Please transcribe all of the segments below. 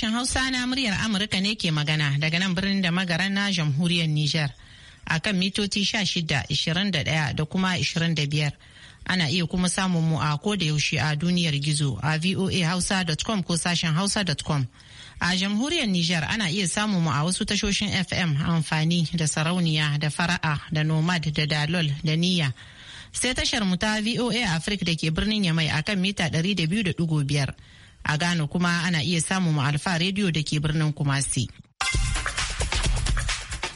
sashen Hausa na muryar Amurka ne ke magana daga nan birnin da magara na jamhuriyar Nijar a kan mitoci 16, 21 da kuma 25. Ana iya kuma samun mu a da yaushe a duniyar gizo a voahausa.com ko sashen hausa.com. A jamhuriyar Nijar ana iya samun mu a wasu tashoshin FM amfani da sarauniya da fara'a da nomad da dalol da niyya. Sai tashar mu ta VOA Africa da ke birnin Yamai kan mita 200.5. A gano kuma ana iya samun mu Alfa Radio da ke birnin Kumasi.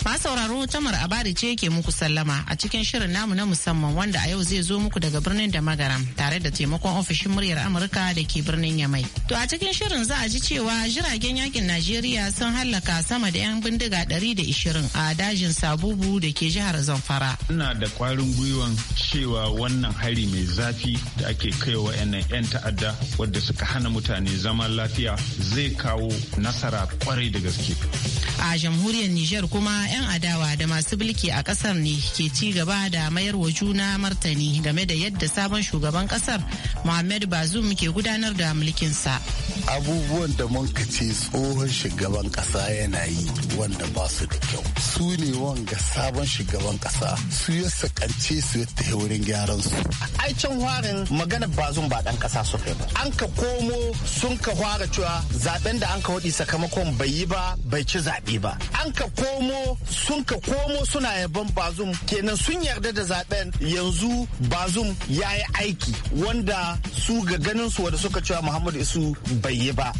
Ma sauraro Tamar Abari ce ke muku sallama a cikin shirin namu na musamman wanda a yau zai zo muku daga birnin da magaram tare da taimakon ofishin muryar Amurka da ke birnin Yamai. To a cikin shirin za a ji cewa jiragen yakin Najeriya sun hallaka sama da 'yan bindiga ɗari da ishirin a dajin Sabubu da ke jihar Zamfara. Ina da kwarin gwiwan cewa wannan hari mai zafi da ake kaiwa 'yan ta'adda wadda suka hana mutane zaman lafiya zai kawo nasara kwarai da gaske. A jamhuriyar Nijar kuma 'yan adawa da masu bilki a kasar ne ke ci gaba da mayar wa juna martani game da yadda sabon shugaban kasar muhammadu Bazoum ke gudanar da mulkinsa. Abubuwan da mun ce tsohon shugaban kasa yana yi wanda ba su da kyau. Su ne wanga sabon shugaban kasa su ya sakance su ya ta wurin gyaran su. Ai can warin magana Bazoum ba dan kasa su kai ba. An ka komo sun ka fara cewa zaben da an ka waɗi sakamakon bai yi ba bai ci zaɓe ba. An ka komo sun ka komo suna yaban bazum kenan sun yarda da zaben yanzu bazum ya yi aiki wanda su ga ganin su wanda suka cewa muhammadu isu bai yi ba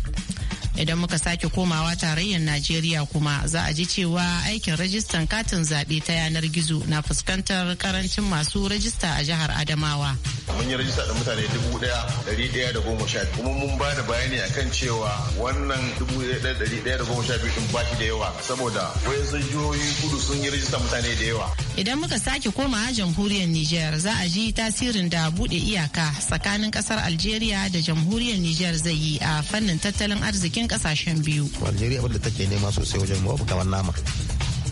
idan muka sake komawa tarayyar najeriya kuma za a ji cewa aikin rajistan katin zaɓe ta yanar gizo na fuskantar karancin masu rajista a jihar adamawa mun yi rajista da mutane dubu daya dari daya da goma sha kuma mun ba da bayani akan cewa wannan dubu daya dari daya da goma sha biyu din ba shi da yawa saboda wayansu jihohi kudu sun yi rajista mutane da yawa idan muka sake komawa jamhuriyar niger za a ji tasirin da buɗe iyaka tsakanin ƙasar algeria da jamhuriyar niger zai yi a fannin tattalin arzikin tsakanin kasashen biyu algeria wadda take nema sosai wajen babu kamar nama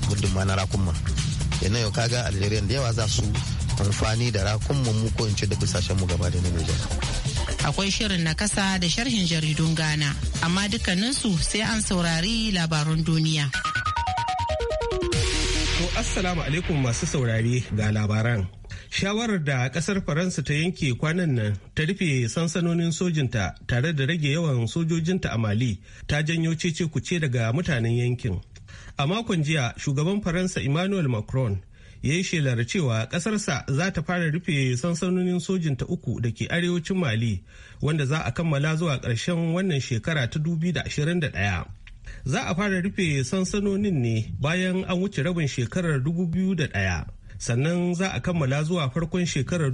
muddin ma na rakunma yana yau kaga algeria da yawa za su amfani da rakunman mu ko in ce da bisashen mu gaba da na nijar akwai shirin na kasa da sharhin jaridun ghana amma dukkaninsu sai an saurari labarun duniya to assalamu alaikum masu saurari ga labaran shawarar da kasar faransa ta yanke kwanan nan ta rufe sansanonin sojinta tare da rage yawan sojojinta a mali ta janyo cece kuce daga mutanen yankin a makon jiya shugaban faransa emmanuel macron ya yi shelar cewa ƙasarsa za ta fara rufe sansanonin sojinta uku da ke arewacin mali wanda za a kammala zuwa ƙarshen wannan shekara ta da 2021 za a fara rufe sansanonin ne bayan an wuce rabin shekarar 2001 sannan za a kammala zuwa farkon shekarar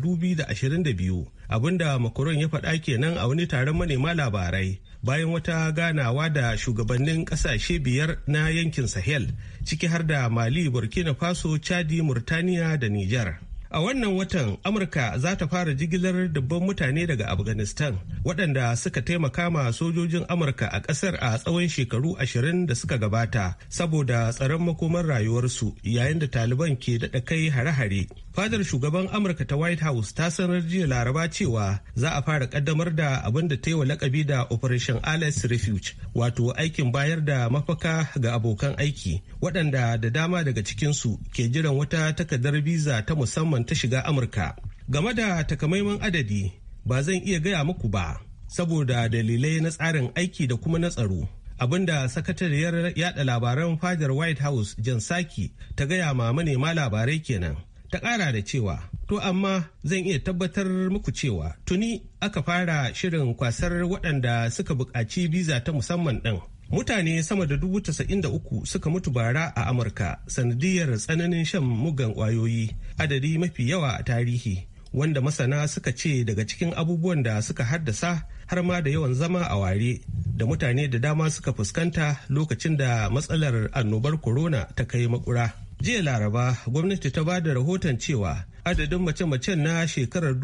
biyu abinda Macron ya faɗa kenan a wani taron manema labarai bayan wata ganawa da shugabannin ƙasashe biyar na yankin Sahel ciki har da Mali, Burkina Faso, Chadi, Murtaniya da Nijar. A wannan watan Amurka za ta fara jigilar dubban mutane daga Afghanistan waɗanda suka taimaka ma sojojin Amurka a ƙasar a tsawon shekaru ashirin da suka gabata saboda tsaron makomar rayuwarsu yayin da Taliban ke daɗa kai hare-hare. Fadar shugaban Amurka ta White House ta sanar jiya Laraba cewa za a fara ƙaddamar da abin da ta yi wa lakabi da Operation Alice Refuge wato aikin bayar da mafaka ga abokan aiki waɗanda da dama daga cikinsu ke jiran wata takardar biza ta musamman musamman ta shiga amurka game da takamaiman adadi ba zan iya gaya muku ba saboda dalilai na tsarin aiki da kuma na tsaro abinda sakatariyar yada labaran fadar white house jan saki ta gaya ma manema labarai kenan ta kara da cewa to amma zan iya tabbatar muku cewa tuni aka fara shirin kwasar waɗanda suka buƙaci biza ta musamman ɗin Mutane sama da dubu tasa'in da uku suka mutu bara a Amurka sanadiyar tsananin shan mugan ƙwayoyi adadi mafi yawa a tarihi wanda masana suka ce daga cikin abubuwan da suka haddasa har ma da yawan zama a ware da mutane da dama suka fuskanta lokacin da matsalar annobar corona ta kai makura. jiya laraba gwamnati ta ba da rahoton cewa adadin mace-macen na shekarar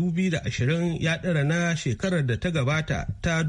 ashirin ya ɗara na shekarar da ta gabata ta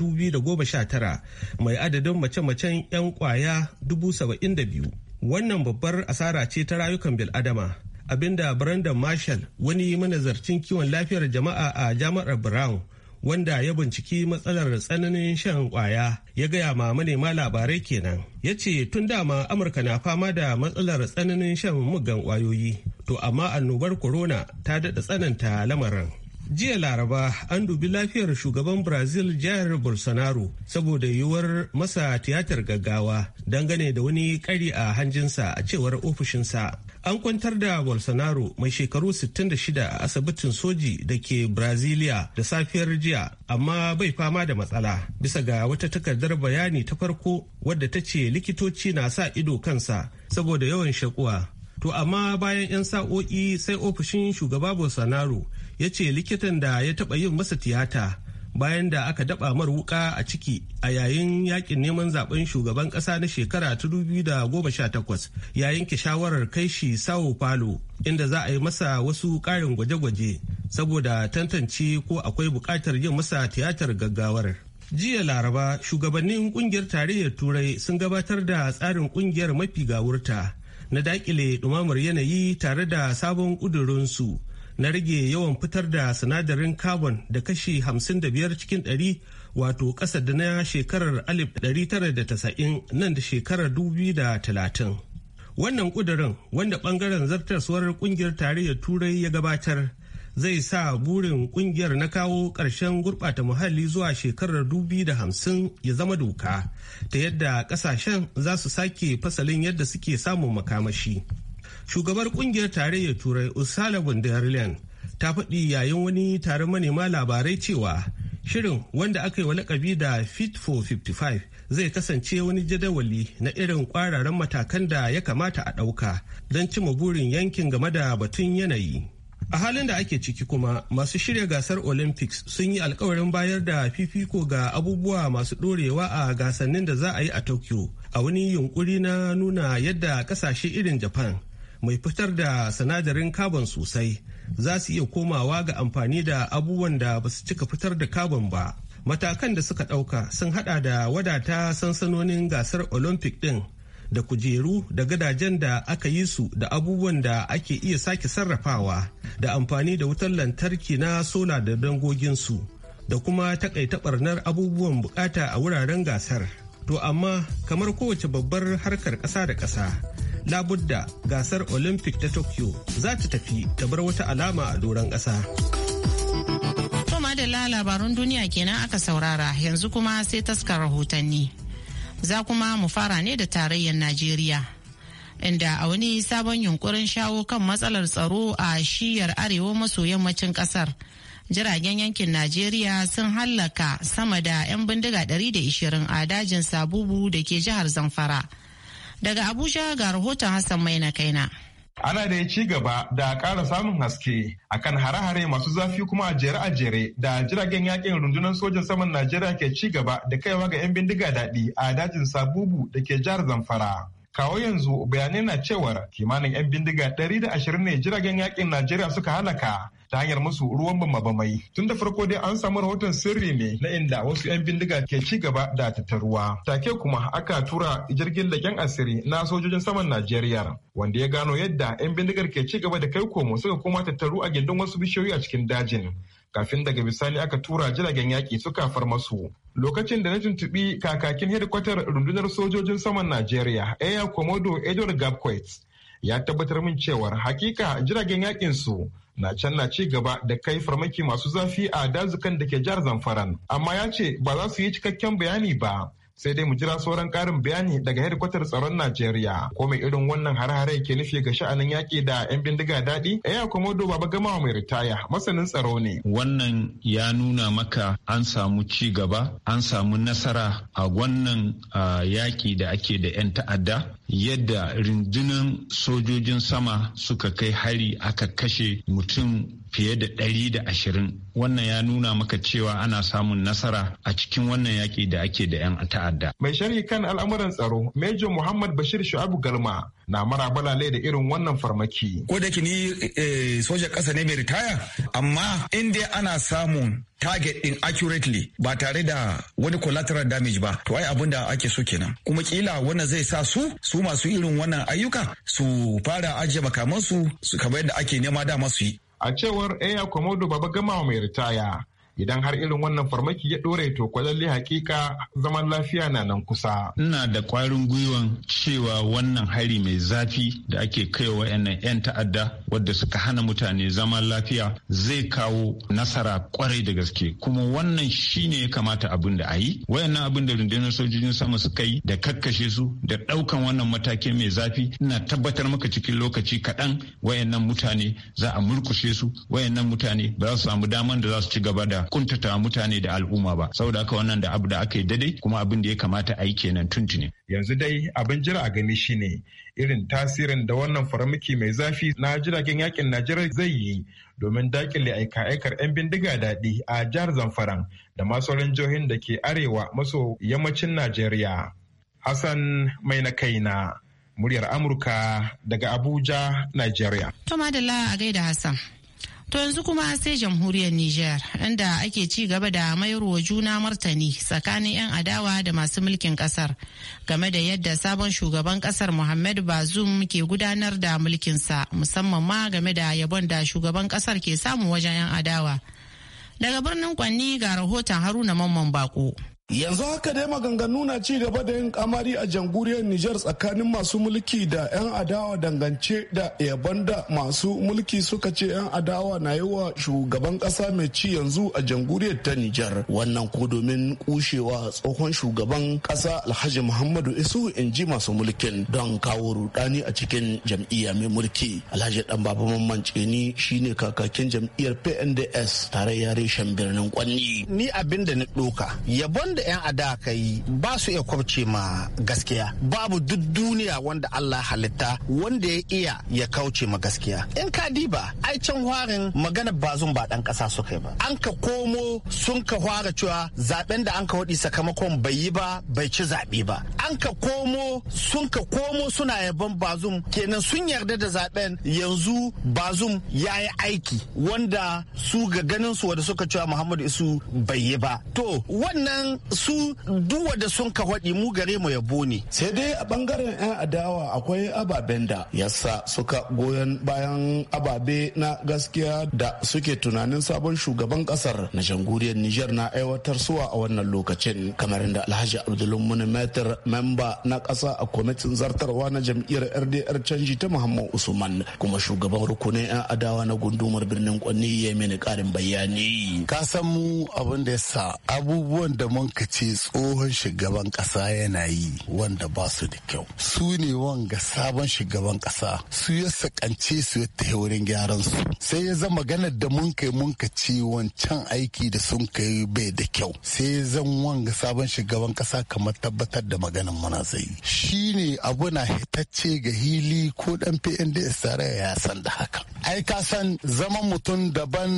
tara mai adadin mace-macen 'yan kwaya saba'in da biyu. wannan babbar asara ce ta rayukan bil'adama abinda brandon marshall wani manazarcin kiwon lafiyar jama'a a jami'ar brown wanda ya binciki matsalar tsananin shan kwaya ya gaya ma manema labarai kenan ya ce tun dama amurka na fama da matsalar tsananin shan muggan kwayoyi to amma annobar corona ta daɗa tsananta lamarin Jiya Laraba an dubi lafiyar shugaban Brazil jihar Bolsonaro saboda yiwuwar masa tiyatar gaggawa dangane da wani kari a hanjinsa a cewar ofishinsa. An kwantar da Bolsonaro mai shekaru 66 a asibitin soji da ke Brazilia da safiyar jiya amma bai fama da matsala bisa ga wata takardar bayani ta farko wadda ta ce likitoci na sa ido kansa saboda yawan shakuwa. To amma bayan 'yan sa'o'i sai ofishin shugaba Bolsonaro ya ce likitan da ya taɓa yin masa tiyata bayan da aka daba mar wuka a ciki a yayin yakin neman zaben shugaban kasa na shekara ta takwas ya yanke shawarar kai shi sao paulo inda za a yi masa wasu karin gwaje-gwaje saboda tantance ko akwai bukatar yin masa tiyatar gaggawar jiya laraba shugabannin kungiyar tarayyar turai sun gabatar da tsarin kungiyar mafi gawurta na dakile ɗumamar yanayi tare da sabon ƙudurinsu na rage yawan fitar da sinadarin carbon da kashi 55 cikin 100 wato kasa da na shekarar 1990 nan da shekarar 2030. Wannan ƙudurin wanda ɓangaren zartaswar ƙungiyar tarayyar turai ya gabatar zai sa burin ƙungiyar na kawo ƙarshen gurɓata muhalli zuwa shekarar 2050 ya zama doka ta yadda ƙasashen za su sake fasalin yadda suke samun makamashi. shugabar kungiyar tarayyar turai ursula von der ta faɗi yayin wani taron manema labarai cewa shirin wanda aka yi wa lakabi da fit for 55 zai kasance wani jadawali na irin kwararan matakan da ya kamata a ɗauka don cima burin yankin game da batun yanayi a halin da ake ciki kuma masu shirya gasar olympics sun yi alkawarin bayar da fifiko ga abubuwa masu ɗorewa a gasannin da za a yi a tokyo a wani yunkuri na nuna yadda kasashe irin japan mai fitar da sinadarin carbon sosai za su iya komawa ga amfani da abubuwan da ba su cika fitar da carbon ba matakan da suka ɗauka sun hada da wadata sansanonin gasar olympic ɗin da kujeru da gadajen da aka yi su da abubuwan da ake iya sake sarrafawa da amfani da wutar lantarki na sola da dangoginsu da kuma takaita barnar abubuwan bukata a wuraren gasar to amma kamar kowace babbar harkar ƙasa da ƙasa labudda gasar olympic ta tokyo za ta tafi ta bar wata alama a doron ƙasa. madalla labarun duniya kenan aka saurara yanzu kuma sai taskar rahotanni za kuma mu fara ne da tarayyar najeriya inda a wani sabon yunkurin shawo kan matsalar tsaro a shiyar arewa maso yammacin kasar jiragen yankin Najeriya sun hallaka sama da 'yan bindiga 120 a dajin Sabubu da ke jihar Zamfara. Daga Abuja ga rahoton Hassan mai Maina kaina. Ana da ya ci gaba da ƙara samun haske akan hare-hare masu zafi kuma a jere a jere da jiragen yakin rundunar sojan saman Najeriya ke ci gaba da kaiwa ga 'yan bindiga daɗi a dajin Sabubu da ke jihar Zamfara. kawo yanzu bayanai na cewar kimanin 'yan bindiga 120 ne jiragen yakin najeriya suka halaka ta hanyar musu ruwan bama-bamai tun da farko dai an samu rahoton sirri ne na inda wasu 'yan bindiga ke ci gaba da tattaruwa take kuma aka tura jirgin leƙen asiri na sojojin saman najeriya wanda ya gano yadda 'yan bindigar ke ci gaba da kai komo suka koma tattaru a gindin wasu bishiyoyi a cikin dajin kafin daga misali aka tura jiragen yaƙi suka far masu. Lokacin da na tuntuɓi kakakin hedikwatar rundunar sojojin saman Najeriya, Air Komodo Edward Gabquet, ya tabbatar min cewar hakika jiragen yaƙin su na can na ci gaba da kai farmaki masu zafi a dazukan da ke jihar Zamfaran, amma ya ce ba za su yi cikakken bayani ba. sai dai mu jira sauran karin bayani daga hedikwatar tsaron Najeriya ko mai irin wannan hare-hare ke nufi ga sha'anin yaƙi da 'yan bindiga daɗi Eya Komodo Baba Gamawa mai ritaya masanin tsaro ne. Wannan ya nuna maka an samu ci gaba an samu nasara a wannan yaƙi da ake da 'yan ta'adda yadda rundunar sojojin sama suka kai hari aka kashe mutum fiye da ɗari da ashirin wannan ya nuna maka cewa ana samun nasara a cikin wannan yaƙi da ake da 'yan ta'adda. mai sharhi kan al'amuran tsaro major muhammad bashir shu'abu galma na marabala da irin wannan farmaki ko da ni eh, soja ƙasa ne mai ritaya amma in dai ana samun target din accurately ba tare da wani collateral damage ba to ai abin da ake so kenan kuma kila wannan zai sa su su masu irin wannan ayyuka su fara ajiye makamansu su kamar yadda ake nema dama su yi a cewar Eya Komodo Baba Gama mai ritaya idan har irin wannan farmaki ya ɗore to kwalalle hakika zaman lafiya na nan kusa. Ina da kwarin gwiwan cewa wannan hari mai zafi da ake kai wa 'yan ta'adda wadda suka hana mutane zaman lafiya zai kawo nasara kwarai da gaske kuma wannan shine ya kamata abin da a yi wayannan abin da rundunar sojojin sama suka yi da kakkashe su da ɗaukan wannan mataki mai zafi ina tabbatar maka cikin lokaci kaɗan wayannan mutane za a murkushe su wayannan mutane ba za su samu daman da za su ci gaba da kuntata mutane da al'umma ba saboda haka wannan da abu da aka yi daidai kuma abin da ya kamata a yi kenan tuntuni yanzu dai abin jira a gani shine irin tasirin da wannan faramaki mai zafi na jiragen yakin najeriya zai yi domin dakile aika-aikar 'yan bindiga daɗi a jihar zamfaran da ma jihohin da ke arewa maso yammacin najeriya hassan mai na kaina muryar amurka daga abuja najeriya to madalla a gaida hassan To yanzu kuma sai jamhuriyar Nijar inda ake ci gaba da mayarwa juna martani tsakanin 'yan adawa da masu mulkin kasar game da yadda sabon shugaban kasar Muhammadu Bazoum ke gudanar da mulkinsa musamman ma game da yabon da shugaban kasar ke samu wajen 'yan adawa. Daga birnin Kwanni ga rahoton Haruna Mamman Bako. Yanzu haka dai maganganu na ci gaba da yin kamari a jamhuriyar Nijar tsakanin masu mulki da 'yan adawa dangance da yaban da masu mulki suka ce 'yan adawa na yi wa shugaban kasa mai ci yanzu a jamhuriyar ta Nijar. Wannan ko domin kushewa tsohon shugaban kasa Alhaji Muhammadu Isu in ji masu mulkin don kawo rudani a cikin jam'iyya mai mulki. Alhaji Dan Baba Mamman Ceni shine kakakin jam'iyyar PNDS tare yare shan birnin Kwanni. Ni abinda da na doka yabon da 'yan ada ka yi ba su iya kwabce ma gaskiya babu duk duniya wanda Allah halitta wanda ya iya ya kauce ma gaskiya in ka diba ai can warin magana bazun ba dan kasa suka kai ba an ka komo sun ka fara cewa zaben da an ka wadi sakamakon bai yi ba bai ci zaɓe ba an ka komo sun ka komo suna yaban bazum kenan sun yarda da zaben yanzu bazum ya yi aiki wanda su ga ganin su wanda suka cewa muhammadu isu bai yi ba to wannan su duwa da sun ka haɗi mu gare mu yabo ne. Sai dai a bangaren 'yan adawa akwai ababen da yasa suka goyon bayan ababe na gaskiya da suke tunanin sabon shugaban kasar na janguriyar Nijar na aiwatar suwa a wannan lokacin kamar da Alhaji Abdulmumin Metar memba na kasa a kwamitin zartarwa na jam'iyyar RDR canji ta Muhammad Usman kuma shugaban rukunin 'yan adawa na gundumar birnin Kwanni ya mini ƙarin bayani. Ka san mu abin da yasa abubuwan da mun ka ce tsohon shugaban kasa yana yi wanda ba su da kyau su ne wanga sabon shugaban kasa su ya sakance su ya ta wurin gyaran su sai ya zama ganar da mun kai mun ka ce wancan aiki da sun kai bai da kyau sai ya zan wanga sabon shugaban kasa kamar tabbatar da maganan muna zai shi ne abu na hitacce ga hili ko dan PNDS tare ya san da haka ai ka san zaman mutum daban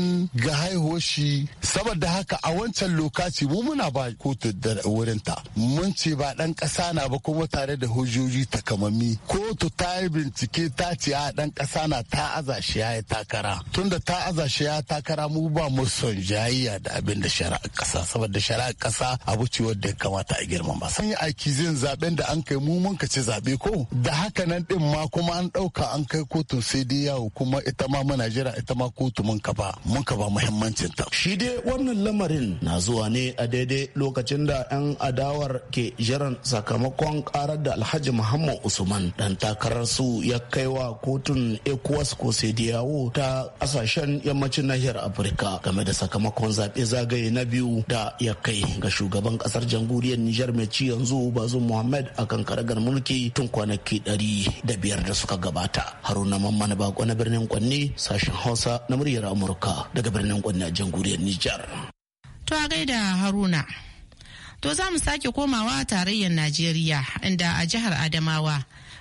ga haihuwar shi saboda haka a wancan lokaci mu muna ba kotu da wurinta mun ce ba ɗan ƙasa na ba kuma tare da hujjoji takamammi kotu ta yi bincike ta ce a dan ƙasa na ta aza shi ya takara tunda ta aza shi ya takara mu ba mu son jayayya da abin da shari'a ƙasa saboda shari'a ƙasa abu ce wadda ya kamata a girmama sun yi aiki zin zaben da an kai mu mun ka ci zabe ko da haka nan din ma kuma an ɗauka an kai kotun sai dai yawo kuma ita ma mu jira ita ma kotu mun ka ba mun ka ba muhimmancin ta shi dai wannan lamarin na zuwa ne a daidai lokacin lokacin da 'yan adawar ke jiran sakamakon karar da alhaji muhammad usman dan takarar su ya kai wa kotun ecowas ko sediyawo ta kasashen yammacin nahiyar afirka game da sakamakon zaɓe zagaye na biyu da ya kai ga shugaban ƙasar jamhuriyar nijar mai ci yanzu bazu muhammad kan karagar mulki tun kwanaki ɗari da biyar da suka gabata haruna mamman bako na birnin kwanne sashen hausa na muryar amurka daga birnin kwanne a jamhuriyar nijar to a gaida haruna To za mu sake komawa tarayyar Najeriya inda a jihar Adamawa.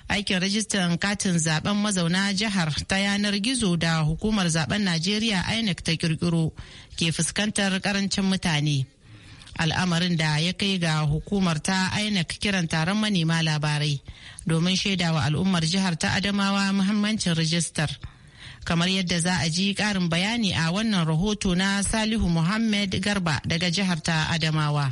Aikin rajistan katin zaben mazauna jihar ta yanar gizo da hukumar zaben Najeriya INEC ta kirkiro ke fuskantar karancin mutane. Al'amarin da ya kai ga hukumar ta INEC kiran taron manema labarai domin shaida wa al'ummar jihar ta Adamawa muhimmancin rajistar. kamar yadda za a ji karin bayani a wannan rahoto na salihu muhammad garba daga jihar ta adamawa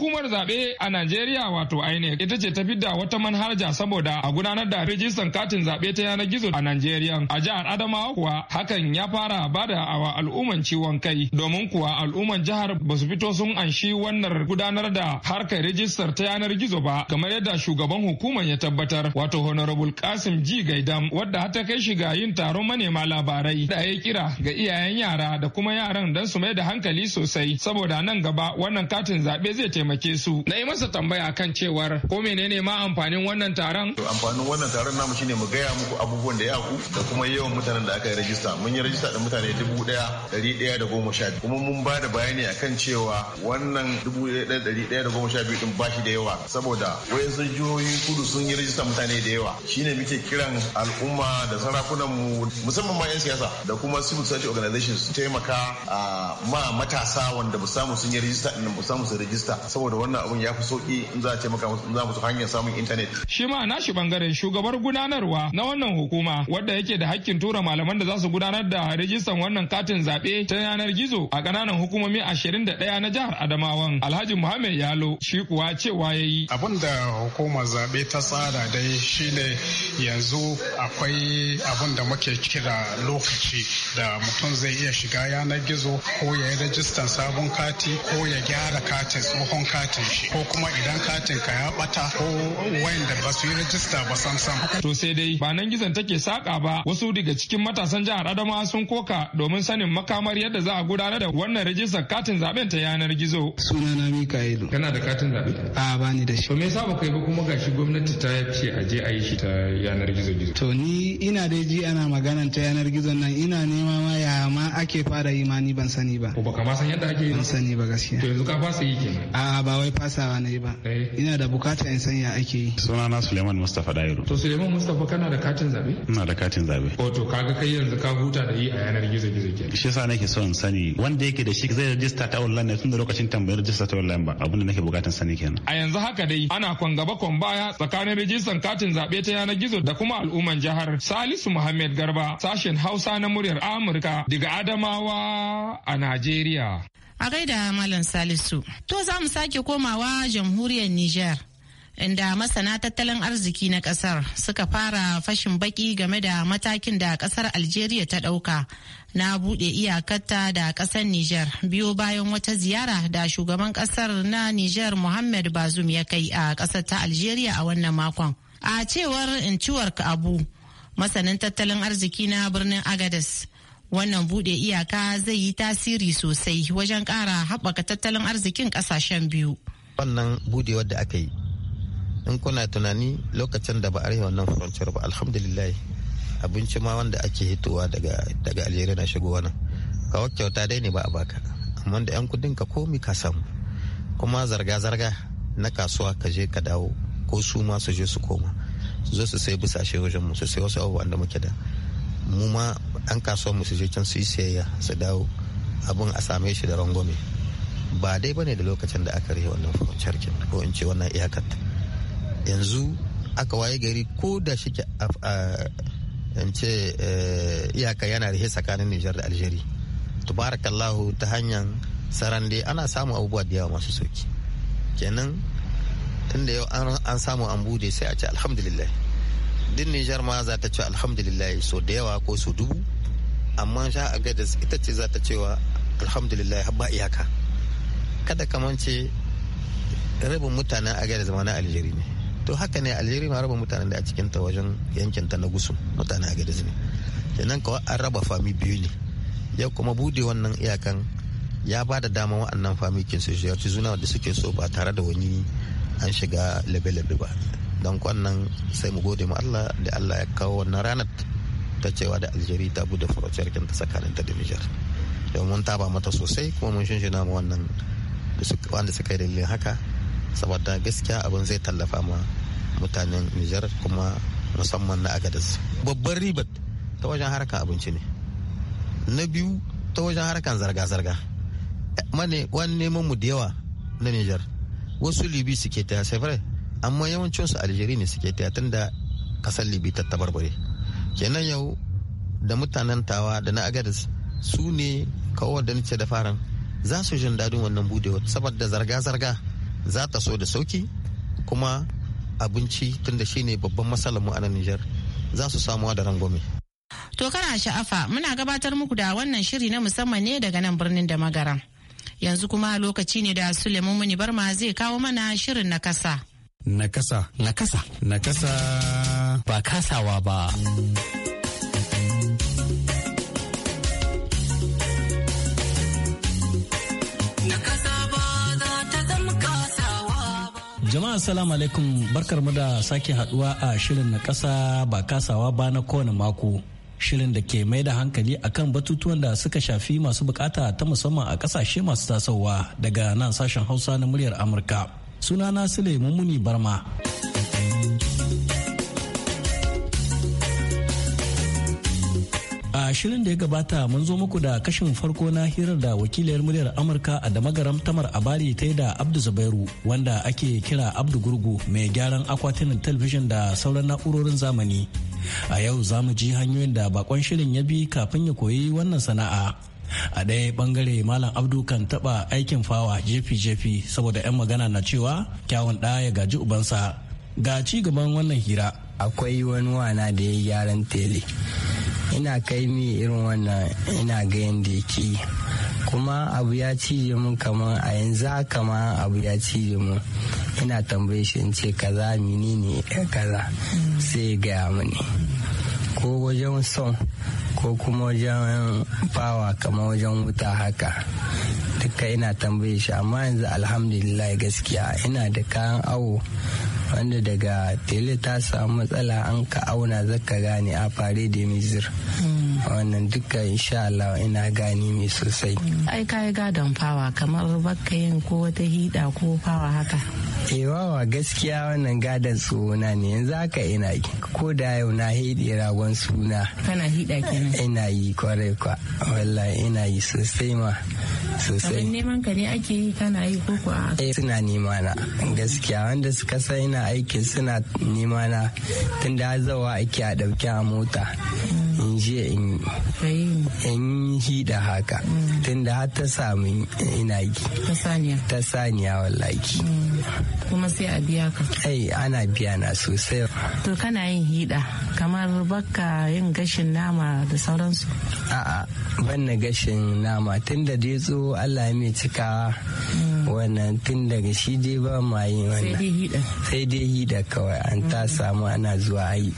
Hukumar zaɓe a Najeriya wato INEC ita ce ta fidda wata manhaja saboda a gudanar da rijistan katin zaɓe ta yanar gizo a Najeriya. A jihar Adamawa kuwa hakan ya fara bada awa al'umman ciwon kai domin kuwa al'umman jihar ba su fito sun anshi wannan gudanar da harkar rijistar ta yanar gizo ba kamar yadda shugaban hukumar ya tabbatar wato Honorable Kasim G Gaidam wadda hata kai shi ga yin taron manema labarai da ya kira ga iyayen yara da kuma yaran don su mai da hankali sosai saboda nan gaba wannan katin zaɓe zai taimaka taimake su na yi masa tambaya kan cewar ko menene ma amfanin wannan taron amfanin wannan taron namu shine mu gaya muku abubuwan da ya ku da kuma yawan mutanen da aka yi rajista mun yi rajista da mutane dubu daya dari daya da goma sha biyu kuma mun ba da bayani akan cewa wannan dubu daya dari daya da goma sha biyu din bashi da yawa saboda sun jihohi kudu sun yi rajista mutane da yawa shine muke kiran al'umma da sarakunan mu musamman ma 'yan siyasa da kuma civil society organizations taimaka a ah, ma matasa wanda ba samu sun yi rajista din ba samu su rajista saboda wannan abun ya fi sauki in za a taimaka musu za musu hanyar samun intanet. shi ma nashi bangaren shugabar gudanarwa na wannan hukuma wadda yake da hakkin tura malaman da za su gudanar da rijistan wannan katin zaɓe ta yanar gizo a ƙananan hukumomi ashirin da ɗaya na jihar adamawan alhaji muhammed yalo shi kuwa cewa ya yi. abun da hukumar zaɓe ta tsara dai ne yanzu akwai abun da muke kira lokaci da mutum zai iya shiga yanar gizo ko ya yi rajistan sabon kati ko ya gyara katin tsohon katin shi ko kuma idan katin ka ya bata ko wayanda ba su yi rajista ba sam To sai dai ba nan gizon take saka ba wasu daga cikin matasan jihar Adamawa sun koka domin sanin makamar yadda za a gudanar da wannan rajistar katin zaben ta yanar gizo. Suna na Mikaelu. Kana da katin zabe? A ni da shi. To me yasa baka yi ba kuma gashi gwamnati ta ce a je a yi shi ta yanar gizo gizo. To ni ina dai ji ana maganan ta yanar gizo nan ina nema ma ya ma ake fara yi ma ni ban sani ba. Ko baka ma san yadda ake yi? Ban sani ba gaskiya. To yanzu ka fasa yi kenan. A A'a ba wai fasawa na yi ba. Eh. Ina da bukata in san ya ake yi. Suna na Suleiman Mustapha Dairu. To Suleiman Mustapha kana da katin zabe? Ina da katin zabe. O oh, to kaga kai yanzu ka huta da yi a yanar gizo gizo kenan. Shi yasa nake so in sani wanda yake da shi zai rajista ta online tun da lokacin tambayar rajista ta online ba abinda nake bukatan sani kenan. A yanzu haka dai ana kwan gaba kwan baya tsakanin rajistan katin zabe ta yanar gizo da kuma al'umman jihar. Salisu Muhammad Garba sashen Hausa na muryar Amurka daga Adamawa a Najeriya. A gaida Malam Salisu. To za mu sake komawa jamhuriyar Nijar. Inda masana tattalin arziki na kasar suka fara fashin baki game da matakin da kasar Algeria ta ɗauka na buɗe iyakarta da ƙasar Nijar biyo bayan wata ziyara da shugaban ƙasar na Nijar muhammad Bazum ya kai a ƙasar ta Algeria a wannan makon. A cewar inciwar abu masanin tattalin arziki na birnin Agadis. wannan bude iyaka zai yi tasiri sosai wajen kara haɓaka tattalin arzikin kasashen biyu wannan budewar da aka yi in kuna tunani lokacin da ba a wannan frontier ba alhamdulillah abinci ma wanda ake hitowa daga daga algeria na shigo wannan kawo kyauta dai ne ba a baka amma da yan kudin ka komi ka samu kuma zarga-zarga na kasuwa ka je ka dawo ko su ma su je su koma su zo su sai bisashe wajen mu su sai wasu abubuwan da muke da mu ma an kasuwar mu su can su yi sayayya su dawo abin a same shi da rangwame ba dai bane da lokacin da aka rage wannan farcen ko in ce wannan iyakar yanzu aka waye gari ko da shi ke in ce eh, iyaka yana rihe tsakanin Nijar da Aljeri. tubarakallahu ta hanyar saran dai ana samun abubuwa da yawa masu sauki kenan da yau an samu an bude sai a ce alhamdulillah din nijar ma za ta ce alhamdulillah so da yawa ko so dubu amma sha a gadas ita ce za ta cewa alhamdulillah ba iyaka kada mace rabin mutanen a ma na aljeri ne to haka ne aljeri ma rabin mutanen da a cikin ta wajen yankin ta na gusu mutanen a ne kenan kawai an raba fami biyu ne ya kuma bude wannan iyakan ya ba da dama wa'annan famikin su ziyarci zuna da suke so ba tare da wani an shiga labe-labe ba don kwannan sai mu gode ma Allah da Allah ya kawo wannan ranar ta cewa da aljeri ta bude furociyar ta da Nijar domin ta taba mata sosai kuma mun shinshina ma wannan wanda suka yi dalilin haka saboda gaskiya abin zai tallafa ma mutanen Nijar kuma musamman na Agadez babban ribat ta wajen harkar abinci ne na biyu ta wajen harkan zarga-zarga mane wani neman mu da yawa na Nijar wasu libi suke ta sefirai amma yawancinsu aljeri ne suke tun da kasar libi ta tabarbare kenan yau da mutanen tawa da na agadis su ne kawo da nace da faran za su jin dadin wannan budewa saboda zarga-zarga za ta so da sauki kuma abinci tunda shine babban matsalar mu a nan Nijar za su samuwa da rangwame. To kana sha'afa muna gabatar muku da wannan shiri na musamman ne daga nan birnin da magaran. Yanzu kuma lokaci ne da Suleiman Muni Barma zai kawo mana shirin na kasa. Nakasa. Nakasa. Nakasa. Ba kasawa ba. Jama'a salamu alaikum barkar mu da sake haduwa a shirin na kasa ba kasawa ba na kowane mako. Shirin da ke mai da hankali akan batutuwan da suka shafi masu bukata ta musamman a kasashe masu tasowa daga nan sashen hausa na muryar Amurka. sunana sule muni barma a shirin da ya gabata mun zo muku da kashin farko na hirar da wakiliyar muryar amurka a damagaram tamar abari ta yi da abdu zubairu wanda ake kira abdu gurgu mai gyaran akwatunan talabijin da sauran na'urorin zamani a yau za mu ji hanyoyin da bakon shirin ya bi kafin ya koyi wannan sana'a a ɗaya bangare malam abdu kan taɓa aikin fawa jefi-jefi saboda 'yan magana na cewa kyawun ɗa ya gaji ubansa ga ci gaban wannan hira akwai wani wana da ya gyaran tele ina kai mi irin wannan ina ga yadda yake kuma abu ya cije mun kamar a yanzu kama abu ya cije mu ina tambaye shi in ce kaza menene kaza sai ya gaya mani ko wajen son ko kuma wajen fawa kamar wajen wuta haka duka ina tambaye shi amma yanzu alhamdulillah gaskiya ina da kayan awo wanda daga tele ta samu matsala an ka auna zaka gane a fare da mizir mm. wannan duka insha Allah ina gani mai sosai ai kai gadon fawa kamar bakka yin ko wata hida ko fawa haka Ewawa eh, gaskiya wannan gadon tsohona ne yanzu haka ina yi. Ko da yau na hidi ragon suna. Kana hida kenan. Ina yi kwarai kwa. Wallahi ina yi sosai ma. Sosai. Abin neman ka ne ake yi kana yi ko kuwa? Eh suna nema na. Gaskiya wanda suka san ina aikin suna nema na tunda zawa ake a ɗauki a mota. in je in in da haka mm. tunda har ta samu ina yi ta saniya wallaki mm. kuma sai a biya ka ai ana biya na sosai to kana yin hida kamar baka yin gashin nama da sauransu a'a ban na gashin nama tunda dai tso Allah ya mai cikawa mm. wannan tun daga shi dai ba ma yin wannan sai dai hida kawai an ta samu ana zuwa yi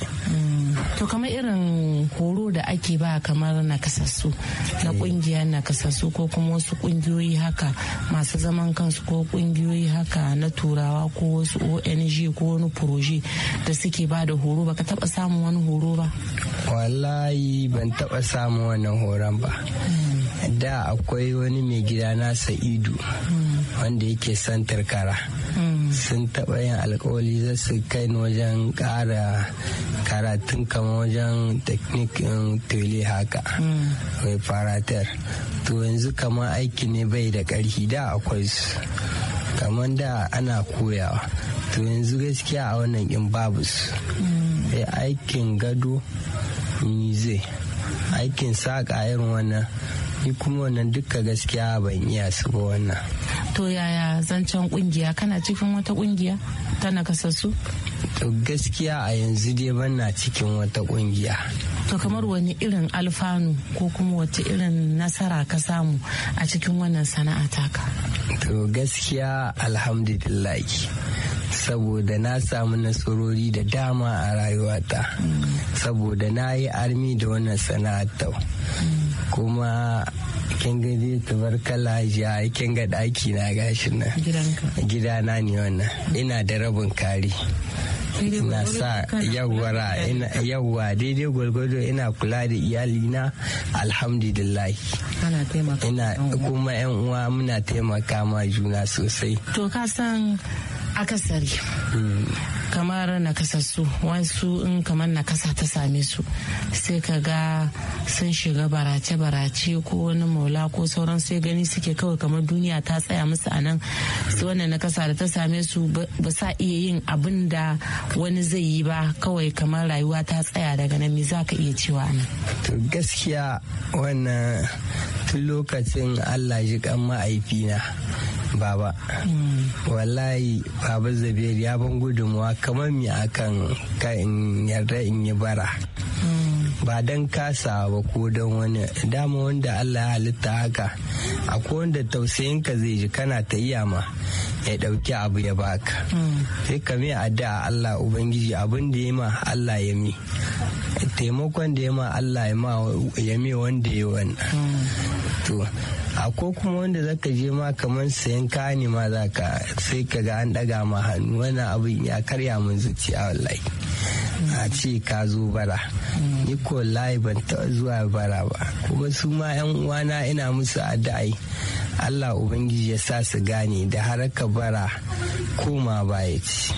to kamar irin horo da ake ba kamar nakasassu na kungiyar mm. nakasassu ko kuma wasu kungiyoyi haka masu zaman kansu ko kungiyoyi haka na turawa ko wasu ong ko wani proje da suke ba da horo ba ka taba samun wani horo ba wallahi ban taba samun wannan horon ba mm. da akwai wani mai gida na sa'idu mm. wanda yake santar kara sun taɓa yin alkawali za su kai ni wajen ƙara karatun kama wajen teknikin tole haka mai faratar to yanzu kama aiki ne bai da ƙarfi da akwai su kamar da ana koyawa to yanzu gaskiya a wannan in babu su eh, aikin gado ni zai aikin saƙa irin wannan ni kuma wannan duka gaskiya ban iya su ba wannan to yaya zancen kungiya kana cikin wata kungiya ta nakasassu to gaskiya a yanzu dai ban na cikin wata kungiya to kamar wani irin alfanu ko kuma wata irin nasara ka samu a cikin wannan sana'a taka to gaskiya alhamdulillah saboda na samu nasarori da dama a rayuwata mm. saboda na yi armi da wannan sana'ar mm. kuma kin ga dai tubarkala a kin ga daki na gashi na gidana ne wannan ina da rabin kari na sa ina yawwa daidai gwargwado ina kula da iyalina alhamdulillah ina kuma yan uwa muna taimaka ma juna sosai to ka san akasari kamar nakasassu wasu in kamar nakasa ta same su sai ka ga sun shiga barace-barace ko wani maula ko sauran sai gani suke kawai kamar duniya ta tsaya musu a nan su wannan nakasa da ta same su ba sa iya yin abin da wani zai yi ba kawai kamar rayuwa ta tsaya daga nan me za ka iya cewa nan gaskiya wannan tun lokacin allah ji kan ma'aifina baba wallahi baba zabiyar ya ban gudunmuwa kamar mi akan kan yarda in yi bara ba don kasa ba ko don wani dama wanda allah ya halitta haka akwai wanda tausayinka zai ji kana ta iya ma ya ɗauki abu ya baka sai ka mai addu'a allah ubangiji abin da ya ma allah ya mi taimakon da ya ma allah ya mi wanda ya wannan to akwai kuma wanda zaka je ma kamar sayan kani ne ma zaka sai ka ga an daga ma hannu wannan abin ya karya mun zuciya wallahi a ce ka zo bara ni ko layi ban taɓa zuwa bara ba kuma su ma yan uwana ina musu addu'ai Allah ubangiji ya sa su gane da haraka bara koma baya ci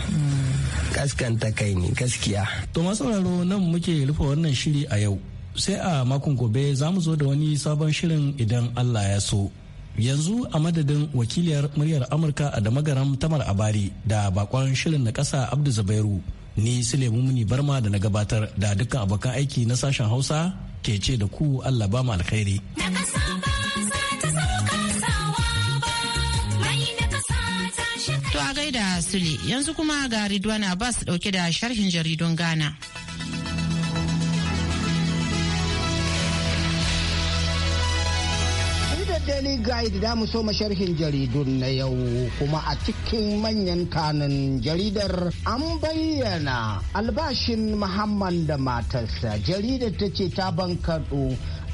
kaskanta kai ne gaskiya to sauraro nan muke rufe wannan shiri a yau sai a makon gobe za mu zo da wani sabon shirin idan Allah ya so yanzu a madadin wakiliyar muryar amurka a da magaram tamar abari da bakon shirin na kasa abdu zubairu ni Suleiman Muni Barma da na gabatar da dukkan abokan aiki na sashen Hausa ke ce da ku Allah ba mu alkhairi. To a gaida Sule yanzu kuma ga Ridwan Abbas dauke da sharhin jaridun Ghana. daily guide da mu so sharhin jaridun na yau kuma a cikin manyan kanun jaridar an bayyana albashin muhammad da matarsa jaridar ta ce ta bankaɗo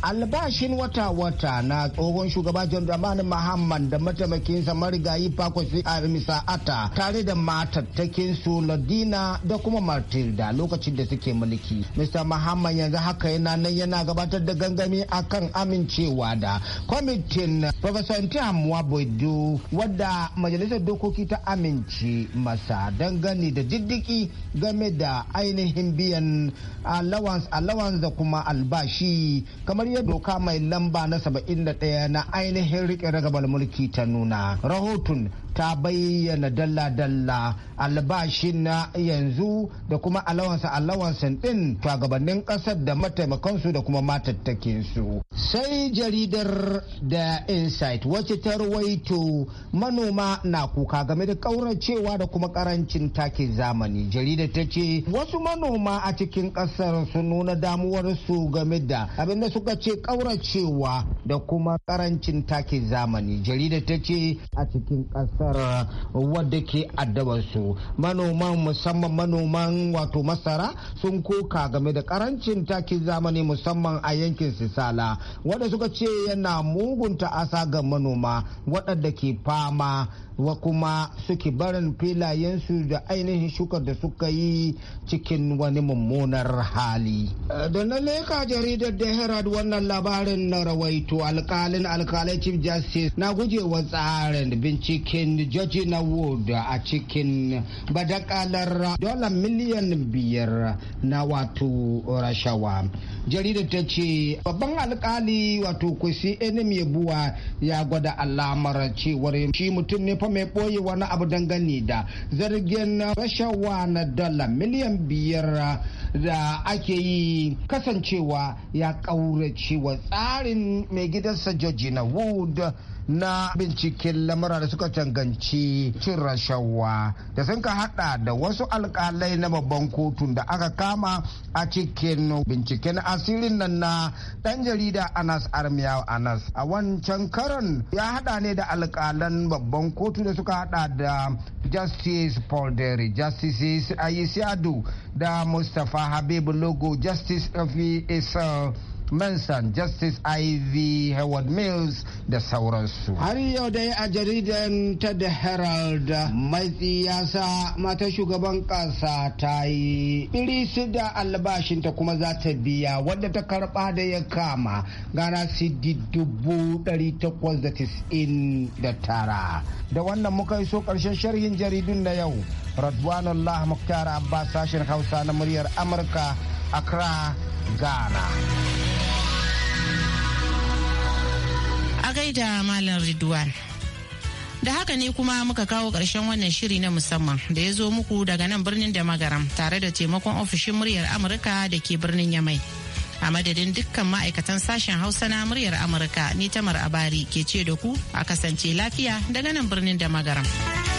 albashin wata-wata na tsohon shugaba john dramani mahamman da mataimakinsa marigayi fakwasi a misa ata tare da matattakinsu ladina da kuma martilda lokacin da suke mulki mr mahamman yanzu haka yana nan yana gabatar da gangami akan amincewa da kwamitin professor intiham wabudu wadda majalisar dokoki ta amince masa dangane da diddiki game da ainihin biyan allowance allowance da kuma albashi kamar ya doka mai lamba na 71 na ainihin rike ragabar mulki ta nuna rahoton ta bayyana dalla-dalla albashi na yanzu da kuma alawansa alawansan din shugabannin ƙasar da mataimakansu da kuma matattakinsu sai jaridar da insight wacce ta rawaito manoma na kuka game da kauracewa da kuma karancin takin zamani jaridar ta ce wasu manoma a cikin ƙasar sun nuna damuwarsu game da abin da suka ce ƙauracewa da kuma ƙarancin takin zamani jarida ta ce a cikin ƙasar uh, wadda ke addabarsu manoman musamman manoman wato masara sun koka game da ƙarancin takin zamani musamman a yankin sisala wadda suka ce yana mugunta asa ga manoma waɗanda ke fama wa kuma suke barin filayensu da ainihin shukar da suka yi cikin wani mummunar hali. Da na leka jaridar da Herald wannan labarin na rawaito alkalin alkalai Chief Justice na gujewa tsarin binciken George na Wood a cikin badakalar dola miliyan biyar na wato rashawa. Jaridar ta ce babban alkali wato kwasi enemi buwa ya gwada alamar cewar shi mutum ne mai ɓoye wani abu dangane da zargin rashawa na dala miliyan biyar da ake yi kasancewa ya ƙaurace wa tsarin mai gidansa na wood na binciken lamura da suka canganci cin rashawa da sun ka hada da wasu alkalai na babban kotun da aka kama a cikin binciken asirin nan na dan jarida anas armiya anas a wancan karon ya hada ne da alkalan babban kotu da suka hada da justice paul derry justice ayisiadu da mustapha habib logo justice of Manson, Justice Ivy Howard Mills, da sauransu. Har yau dai a jaridan ta da Herald mai siyasa mata shugaban kasa ta yi su da albashinta kuma za ta biya wadda ta karba da ya kama gana sidi dubu dari takwas da tis'in da tara. Da wannan muka yi so karshen sharhin jaridun na yau. Radwanullah Muktar Abbas sashen Hausa na muryar Amurka Accra, Ghana. da Malam Ridwan. Da haka ne kuma muka kawo ƙarshen wannan shiri na musamman da ya zo muku daga nan birnin da magaram tare da taimakon ofishin muryar Amurka da ke birnin Yamai. A madadin dukkan ma'aikatan sashen Hausa na muryar Amurka ni Tamar Abari ke ce da ku a kasance lafiya daga nan birnin da magaram.